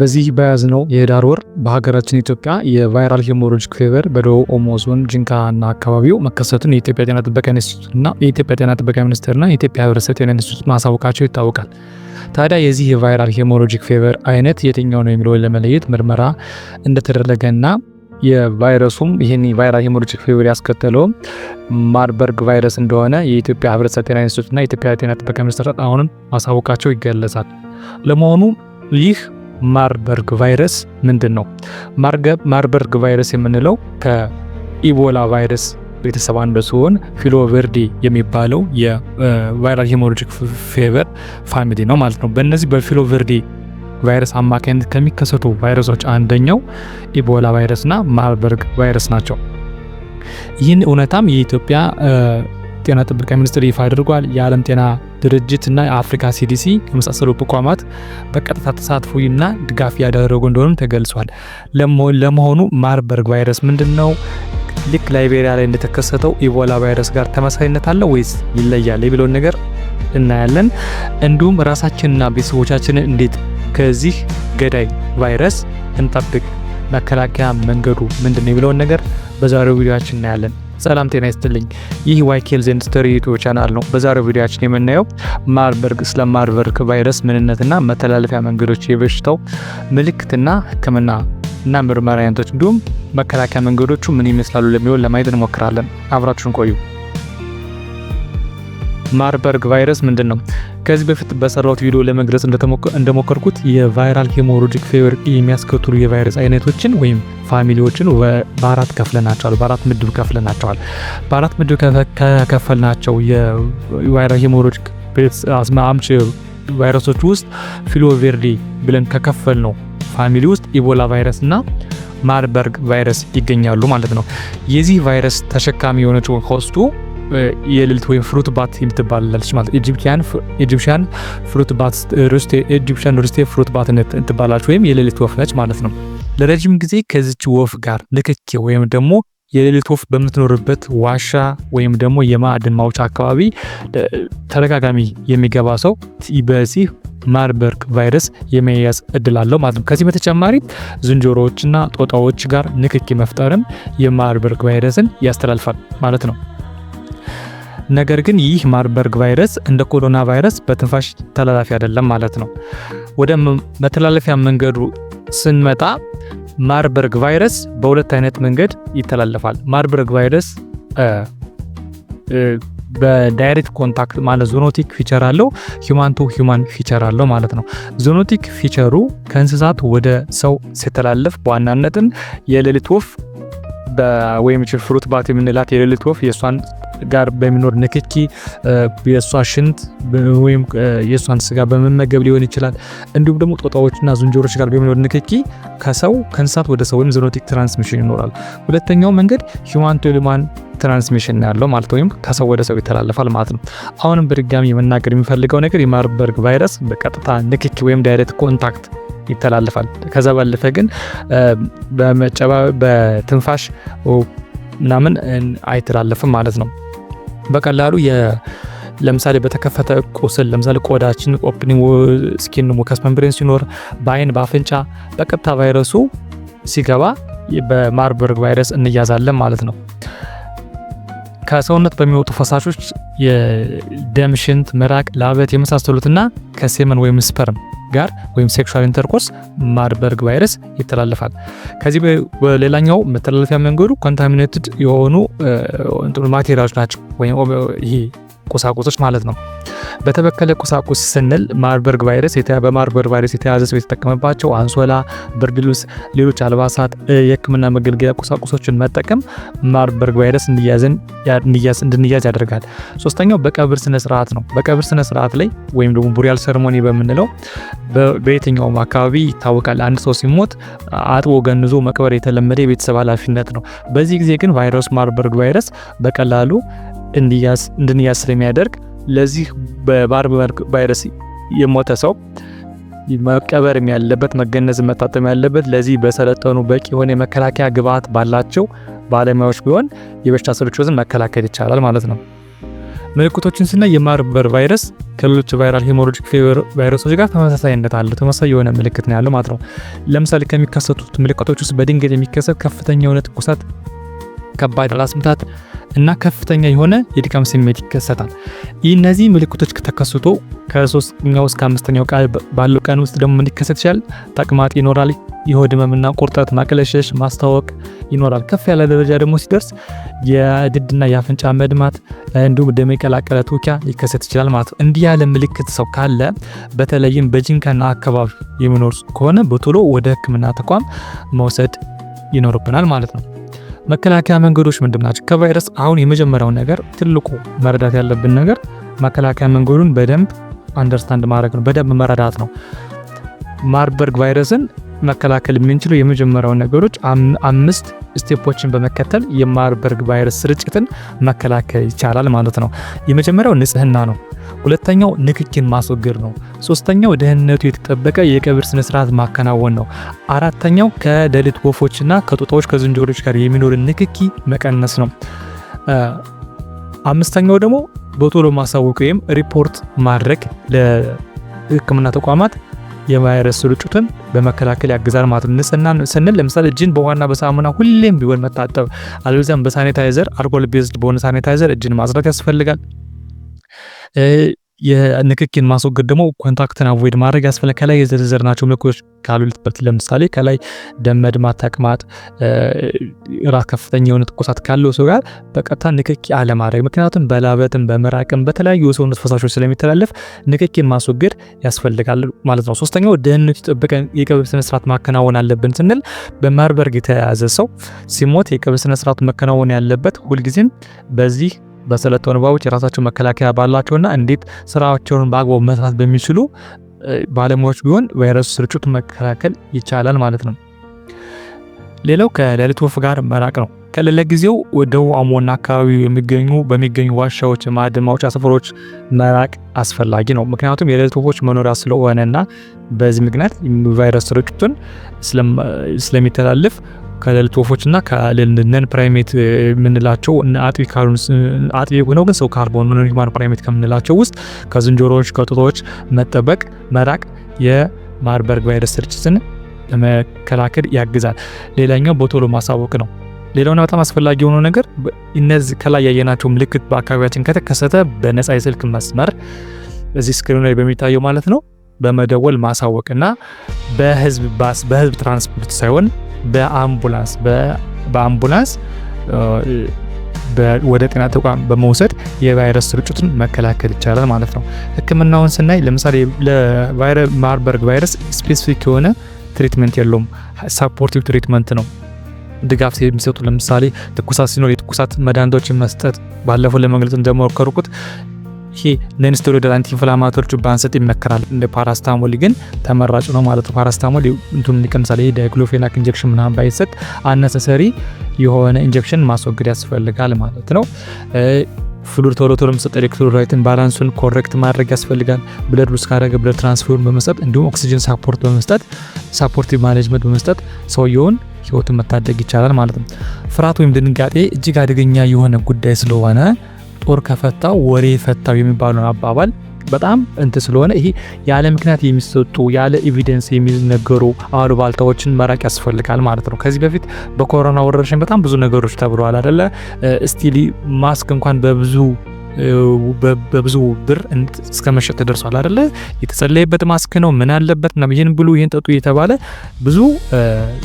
በዚህ በያዝነው የህዳር ወር በሀገራችን ኢትዮጵያ የቫይራል ሄሞሮጂክ ፌቨር በደቡብ ኦሞ ዞን ጅንካና አካባቢው መከሰቱን የኢትዮጵያ ጤና ጥበቃ ኢንስቲትዩትና የኢትዮጵያ ጤና ጥበቃ ሚኒስቴርና የኢትዮጵያ ህብረተሰብ ጤና ኢንስቲቱት ማሳወቃቸው ይታወቃል። ታዲያ የዚህ የቫይራል ሄሞሮጂክ ፌቨር አይነት የትኛው ነው የሚለውን ለመለየት ምርመራ እንደተደረገና የቫይረሱም ይህን ቫይራል ሄሞሮጂክ ፌቨር ያስከተለውም ማርበርግ ቫይረስ እንደሆነ የኢትዮጵያ ህብረተሰብ ጤና ኢንስቲቱትና የኢትዮጵያ ጤና ጥበቃ ሚኒስቴር አሁንም ማሳወቃቸው ይገለጻል። ለመሆኑ ይህ ማርበርግ ቫይረስ ምንድን ነው? ማርበርግ ቫይረስ የምንለው ከኢቦላ ቫይረስ ቤተሰብ አንዱ ሲሆን ፊሎ ቨርዲ የሚባለው የቫይራል ሄሞሮጂክ ፌቨር ፋሚሊ ነው ማለት ነው። በእነዚህ በፊሎ ቫይረስ አማካኝነት ከሚከሰቱ ቫይረሶች አንደኛው ኢቦላ ቫይረስና ማርበርግ ቫይረስ ናቸው። ይህን እውነታም የኢትዮጵያ ጤና ጥበቃ ሚኒስቴር ይፋ አድርጓል። የዓለም ጤና ድርጅት እና የአፍሪካ ሲዲሲ የመሳሰሉ ተቋማት በቀጥታ ተሳትፎና ድጋፍ እያደረጉ እንደሆኑም ተገልጿል። ለመሆኑ ማርበርግ ቫይረስ ምንድን ነው? ልክ ላይቤሪያ ላይ እንደተከሰተው ኢቦላ ቫይረስ ጋር ተመሳሳይነት አለው ወይስ ይለያል የሚለውን ነገር እናያለን። እንዲሁም ራሳችንና ቤተሰቦቻችንን እንዴት ከዚህ ገዳይ ቫይረስ እንጠብቅ፣ መከላከያ መንገዱ ምንድን ነው የሚለውን ነገር በዛሬው ቪዲዮችን እናያለን። ሰላም ጤና ይስጥልኝ። ይህ ዋይኬል ዜንስተሪ ዩቱብ ቻናል ነው። በዛሬው ቪዲዮችን የምናየው ማርበርግ ስለ ማርበርግ ቫይረስ ምንነትና መተላለፊያ መንገዶች፣ የበሽታው ምልክትና ህክምና እና ምርመራ አይነቶች እንዲሁም መከላከያ መንገዶቹ ምን ይመስላሉ ለሚሆን ለማየት እንሞክራለን። አብራችሁን ቆዩ። ማርበርግ ቫይረስ ምንድን ነው? ከዚህ በፊት በሰራሁት ቪዲዮ ለመግለጽ እንደሞከርኩት የቫይራል ሄሞሮጂክ ፌቨር የሚያስከትሉ የቫይረስ አይነቶችን ወይም ፋሚሊዎችን በአራት ከፍለናቸዋል። በአራት ምድብ ከፍለናቸዋል። በአራት ምድብ ከከፈልናቸው የቫይራል ሄሞሮጂክ አስማ አምጪ ቫይረሶች ውስጥ ፊሎቬርዲ ብለን ከከፈል ነው ፋሚሊ ውስጥ ኢቦላ ቫይረስ እና ማርበርግ ቫይረስ ይገኛሉ ማለት ነው። የዚህ ቫይረስ ተሸካሚ የሆነችው ሆስቱ የሌሊት ወይም ፍሩት ባት የምትባላለች ማለት ኢጂፕቲያን ኢጂፕሽያን ፍሩት ባት ሩስቴ ኢጂፕሽያን ሩስቴ ፍሩት ባት ትባላለች ወይም የሌሊት ወፍ ነች ማለት ነው። ለረጅም ጊዜ ከዚች ወፍ ጋር ንክኪ ወይም ደግሞ የሌሊት ወፍ በምትኖርበት ዋሻ ወይም ደግሞ የማዕድን ማውጫ አካባቢ ተደጋጋሚ የሚገባ ሰው በዚህ ማርበርግ ቫይረስ የመያዝ እድል አለው ማለት ነው። ከዚህ በተጨማሪ ዝንጀሮዎችና ጦጣዎች ጋር ንክኪ መፍጠርም የማርበርግ ቫይረስን ያስተላልፋል ማለት ነው። ነገር ግን ይህ ማርበርግ ቫይረስ እንደ ኮሮና ቫይረስ በትንፋሽ ተላላፊ አይደለም ማለት ነው። ወደ መተላለፊያ መንገዱ ስንመጣ ማርበርግ ቫይረስ በሁለት አይነት መንገድ ይተላለፋል። ማርበርግ ቫይረስ በዳይሬክት ኮንታክት ማለት ዞኖቲክ ፊቸር አለው፣ ሂማን ቱ ሂማን ፊቸር አለው ማለት ነው። ዞኖቲክ ፊቸሩ ከእንስሳት ወደ ሰው ሲተላለፍ በዋናነትን የሌሊት ወፍ ወይም ችፍሩት ባት የምንላት የሌሊት ወፍ የእሷን ጋር በሚኖር ንክኪ የእሷ ሽንት ወይም የእሷን ስጋ በመመገብ ሊሆን ይችላል። እንዲሁም ደግሞ ጦጣዎችና ዝንጀሮች ጋር በሚኖር ንክኪ ከሰው ከእንስሳት ወደ ሰው ወይም ዘኖቲክ ትራንስሚሽን ይኖራል። ሁለተኛው መንገድ ሂማን ቱ ሂማን ትራንስሚሽን ያለው ማለት ወይም ከሰው ወደ ሰው ይተላለፋል ማለት ነው። አሁንም በድጋሚ መናገር የሚፈልገው ነገር የማርበርግ ቫይረስ በቀጥታ ንክኪ ወይም ዳይሬክት ኮንታክት ይተላለፋል። ከዛ ባለፈ ግን በመጨባ በትንፋሽ ምናምን አይተላለፍም ማለት ነው። በቀላሉ ለምሳሌ በተከፈተ ቁስል ለምሳሌ ቆዳችን ኦፕኒንግ ስኪን ሙከስ መንብሬን ሲኖር በአይን በአፍንጫ በቀጥታ ቫይረሱ ሲገባ በማርበርግ ቫይረስ እንያዛለን ማለት ነው። ከሰውነት በሚወጡ ፈሳሾች የደም፣ ሽንት፣ ምራቅ፣ ላበት የመሳሰሉትና ከሴመን ወይም ስፐርም ጋር ወይም ሴክሹዋል ኢንተርኮርስ ማርበርግ ቫይረስ ይተላለፋል። ከዚህ በሌላኛው መተላለፊያ መንገዱ ኮንታሚኔትድ የሆኑ ማቴሪያሎች ናቸው ወይም ይሄ ቁሳቁሶች ማለት ነው። በተበከለ ቁሳቁስ ስንል ማርበርግ ቫይረስ በማርበርግ ቫይረስ የተያዘ ሰው የተጠቀመባቸው አንሶላ፣ ብርድ ልብስ፣ ሌሎች አልባሳት፣ የህክምና መገልገያ ቁሳቁሶችን መጠቀም ማርበርግ ቫይረስ እንድንያዝ ያደርጋል። ሶስተኛው በቀብር ስነስርዓት ነው። በቀብር ስነስርዓት ላይ ወይም ደግሞ ቡሪያል ሰርሞኒ በምንለው በየትኛውም አካባቢ ይታወቃል። አንድ ሰው ሲሞት አጥቦ ገንዞ መቅበር የተለመደ የቤተሰብ ኃላፊነት ነው። በዚህ ጊዜ ግን ቫይረስ ማርበርግ ቫይረስ በቀላሉ እንድንያስር የሚያደርግ ለዚህ በባርበር ቫይረስ የሞተ ሰው መቀበርም ያለበት መገነዝ መታጠም ያለበት ለዚህ በሰለጠኑ በቂ የሆነ የመከላከያ ግብዓት ባላቸው ባለሙያዎች ቢሆን የበሽታ ስርጭትን መከላከል ይቻላል ማለት ነው። ምልክቶችን ስናይ የማርበር ቫይረስ ከሌሎች ቫይራል ሄሞሮጂክ ፊቨር ቫይረሶች ጋር ተመሳሳይነት አለ። ተመሳሳይ የሆነ ምልክት ነው ያለው ማለት ነው። ለምሳሌ ከሚከሰቱት ምልክቶች ውስጥ በድንገት የሚከሰት ከፍተኛ የሆነ ትኩሳት ከባድ ራስ ምታት እና ከፍተኛ የሆነ የድካም ስሜት ይከሰታል። እነዚህ ምልክቶች ከተከሰቱ ከሶስተኛው እስከ አምስተኛው ቃል ባለው ቀን ውስጥ ደግሞ እንዲከሰት ይችላል። ተቅማጥ ይኖራል። የሆድ ህመምና ቁርጠት፣ ማቅለሸሽ፣ ማስታወቅ ይኖራል። ከፍ ያለ ደረጃ ደግሞ ሲደርስ የድድና የአፍንጫ መድማት እንዲሁም ደም የቀላቀለ ትውኪያ ሊከሰት ይችላል ማለት ነው። እንዲህ ያለ ምልክት ሰው ካለ በተለይም በጅንካና አካባቢ የሚኖር ከሆነ በቶሎ ወደ ህክምና ተቋም መውሰድ ይኖርብናል ማለት ነው። መከላከያ መንገዶች ምንድን ናቸው? ከቫይረስ አሁን የመጀመሪያው ነገር ትልቁ መረዳት ያለብን ነገር መከላከያ መንገዱን በደንብ አንደርስታንድ ማድረግ ነው፣ በደንብ መረዳት ነው። ማርበርግ ቫይረስን መከላከል የምንችለው የመጀመሪያው ነገሮች አምስት ስቴፖችን በመከተል የማርበርግ ቫይረስ ስርጭትን መከላከል ይቻላል ማለት ነው። የመጀመሪያው ንጽህና ነው። ሁለተኛው ንክኪን ማስወገድ ነው። ሶስተኛው ደህንነቱ የተጠበቀ የቀብር ስነስርዓት ማከናወን ነው። አራተኛው ከሌሊት ወፎችና ከጦጣዎች ከዝንጀሮች ጋር የሚኖር ንክኪ መቀነስ ነው። አምስተኛው ደግሞ በቶሎ ማሳወቅ ወይም ሪፖርት ማድረግ ለሕክምና ተቋማት የቫይረስ ስርጭቱን በመከላከል ያግዛል ማለት ነው። ንጽህና ስንል ለምሳሌ እጅን በዋና በሳሙና ሁሌም ቢሆን መታጠብ፣ አለበለዚያም በሳኒታይዘር አልኮል ቤዝድ በሆነ ሳኒታይዘር እጅን ማጽዳት ያስፈልጋል። የንክኪን ማስወገድ ደግሞ ኮንታክትን አቮይድ ማድረግ ያስፈለ ከላይ ናቸው ምልክቶች ካሉ ለምሳሌ ከላይ ደም መድማት፣ ተቅማጥ፣ ራስ ከፍተኛ የሆነ ትኩሳት ካለው ሰው ጋር በቀጥታ ንክኪ አለማድረግ። ምክንያቱም በላበትም በምራቅም በተለያዩ የሰውነት ፈሳሾች ስለሚተላለፍ ንክኪን ማስወገድ ያስፈልጋል ማለት ነው። ሶስተኛው ደህንነቱ የጠበቀ የቀብር ስነስርዓት ማከናወን አለብን ስንል በማርበርግ የተያያዘ ሰው ሲሞት የቀብር ስነስርዓቱ መከናወን ያለበት ሁልጊዜም በዚህ በሰለጠኑ ባቦች የራሳቸው መከላከያ ባላቸውና እንዴት ስራቸውን በአግባቡ መስራት በሚችሉ ባለሙያዎች ቢሆን ቫይረሱ ስርጭቱ መከላከል ይቻላል ማለት ነው። ሌላው ከሌሊት ወፍ ጋር መራቅ ነው። ከሌለ ጊዜው ደቡብ አሞና አካባቢው የሚገኙ በሚገኙ ዋሻዎች፣ ማዕድን ማውጫ ሰፈሮች መራቅ አስፈላጊ ነው። ምክንያቱም የሌሊት ወፎች መኖሪያ ስለሆነና በዚህ ምክንያት ቫይረስ ስርጭቱን ስለሚተላልፍ ከሌሎች ወፎችና ከነን ፕራይሜት የምንላቸው አጥቢ አጥቢ ሆነው ግን ሰው ካርቦን ነን ሂውማን ፕራይሜት ከምንላቸው ውስጥ ከዝንጀሮዎች፣ ከጦጣዎች መጠበቅ መራቅ የማርበርግ ቫይረስ ስርጭትን ለመከላከል ያግዛል። ሌላኛው በቶሎ ማሳወቅ ነው። ሌላውና በጣም አስፈላጊ የሆነው ነገር እነዚህ ከላይ ያየናቸው ምልክት በአካባቢያችን ከተከሰተ በነፃ የስልክ መስመር እዚህ ስክሪኑ ላይ በሚታየው ማለት ነው በመደወል ማሳወቅና በህዝብ ባስ በህዝብ ትራንስፖርት ሳይሆን በአምቡላንስ በአምቡላንስ ወደ ጤና ተቋም በመውሰድ የቫይረስ ስርጭቱን መከላከል ይቻላል ማለት ነው። ህክምናውን ስናይ ለምሳሌ ማርበርግ ቫይረስ ስፔሲፊክ የሆነ ትሪትመንት የለውም። ሳፖርቲቭ ትሪትመንት ነው። ድጋፍ የሚሰጡ ለምሳሌ ትኩሳት ሲኖር የትኩሳት መድኃኒቶችን መስጠት ባለፈው ለመግለጽ እንደሞከርኩት ይሄ ለኢንስቶሎድ አንቲኢንፍላማቶሪዎች ባንሰጥ ይመከራል። እንደ ፓራስታሞል ግን ተመራጭ ነው ማለት ነው። ፓራስታሞል እንቱን ይቀንሳል። ይሄ ዳይክሎፌናክ ኢንጀክሽን ምናምን ባይሰጥ አነሰሰሪ የሆነ ኢንጀክሽን ማስወገድ ያስፈልጋል ማለት ነው። ፍሉድ ቶሎ ቶሎ መሰጠት፣ ኤሌክትሮላይትን ባላንሱን ኮረክት ማድረግ ያስፈልጋል። ብለድ ሉስ ካደረገ ብለድ ትራንስፈሩን በመስጠት እንዲሁም ኦክሲጅን ሳፖርት በመስጠት ሳፖርቲቭ ማኔጅመንት በመስጠት ሰውየውን ህይወቱን መታደግ ይቻላል ማለት ነው። ፍርሃት ወይም ድንጋጤ እጅግ አደገኛ የሆነ ጉዳይ ስለሆነ ጦር ከፈታው ወሬ ፈታው የሚባለውን አባባል በጣም እንት ስለሆነ ይሄ ያለ ምክንያት የሚሰጡ ያለ ኤቪደንስ የሚነገሩ አሉባልታዎችን መራቅ ያስፈልጋል ማለት ነው። ከዚህ በፊት በኮሮና ወረርሽኝ በጣም ብዙ ነገሮች ተብለዋል አደለ? እስቲሊ ማስክ እንኳን በብዙ በብዙ ብር እስከ መሸጥ ደርሷል አይደለ? የተጸለየበት ማስክ ነው ምን አለበት ምናምን ይህን ብሉ ይህን ጠጡ እየተባለ ብዙ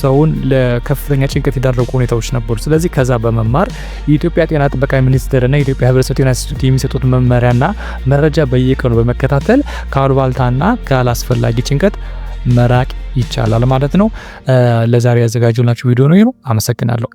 ሰውን ለከፍተኛ ጭንቀት የዳረጉ ሁኔታዎች ነበሩ። ስለዚህ ከዛ በመማር የኢትዮጵያ ጤና ጥበቃ ሚኒስቴርና የኢትዮጵያ ሕብረተሰብ ጤና ኢንስቲትዩት የሚሰጡት መመሪያና መረጃ በየቀኑ በመከታተል ና ከአላስፈላጊ ጭንቀት መራቅ ይቻላል ማለት ነው። ለዛሬ ያዘጋጁላችሁ ቪዲዮ ነው። አመሰግናለሁ።